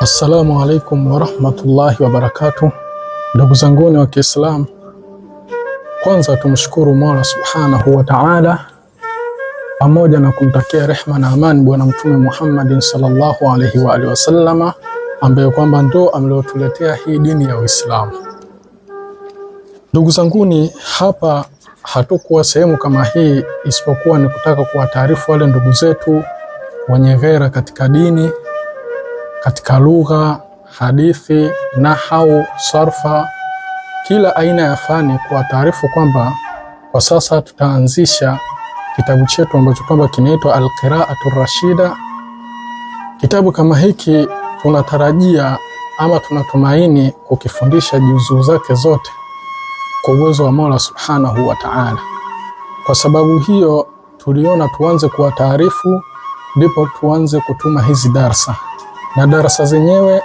Assalamu alaikum warahmatullahi wabarakatu ndugu zanguni wa Kiislamu, kwanza tumshukuru Mola subhanahu wa taala, pamoja na kumtakia rehma na amani Bwana Mtume Muhammadin sallallahu alaihi wa alihi wasallama, ambaye kwamba ndo ameliotuletea hii dini ya Uislamu. Ndugu zanguni, hapa hatukuwa sehemu kama hii isipokuwa ni kutaka kuwataarifu wale ndugu zetu wenye ghera katika dini katika lugha, hadithi, nahau, sarfa, kila aina ya fani, kuwataarifu kwamba kwa sasa tutaanzisha kitabu chetu ambacho kwamba kinaitwa Alqiraatu Rashida. Kitabu kama hiki tunatarajia ama tunatumaini kukifundisha juzuu zake zote kwa uwezo wa Mola Subhanahu wa Ta'ala. Kwa sababu hiyo tuliona tuanze kuwataarifu ndipo tuanze kutuma hizi darsa na darasa zenyewe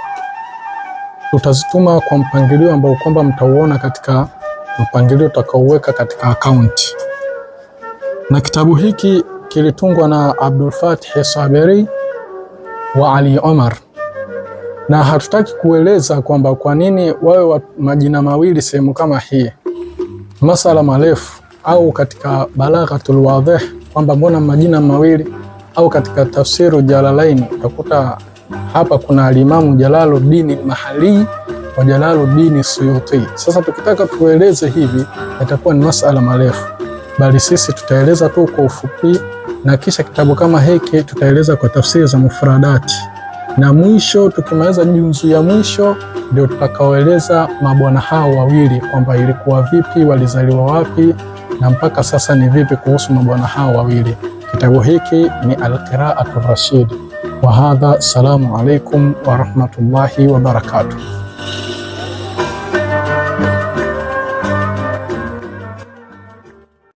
tutazituma kwa mpangilio ambao kwamba mtauona katika mpangilio utakaoweka katika akaunti. Na kitabu hiki kilitungwa na Abdul Fatih Saberi wa Ali Omar, na hatutaki kueleza kwamba kwa nini wawe wa majina mawili sehemu kama hii, masala marefu, au katika Balaghatul Wadhih kwamba mbona majina mawili, au katika Tafsiru Jalalaini utakuta hapa kuna alimamu Jalaluddin Mahali wa Jalaluddin Suyuti. Sasa tukitaka tueleze hivi yatakuwa ni masala marefu, bali sisi tutaeleza tu kwa ufupi, na kisha kitabu kama hiki tutaeleza kwa tafsiri za mufradati, na mwisho tukimaliza junzu ya mwisho ndio tutakaoeleza mabwana hao wawili kwamba ilikuwa vipi, walizaliwa wapi, na mpaka sasa ni vipi kuhusu mabwana hao wawili. Kitabu hiki ni Alqiraatu Rashidi. وهذا السلام عليكم ورحمة الله وبركاته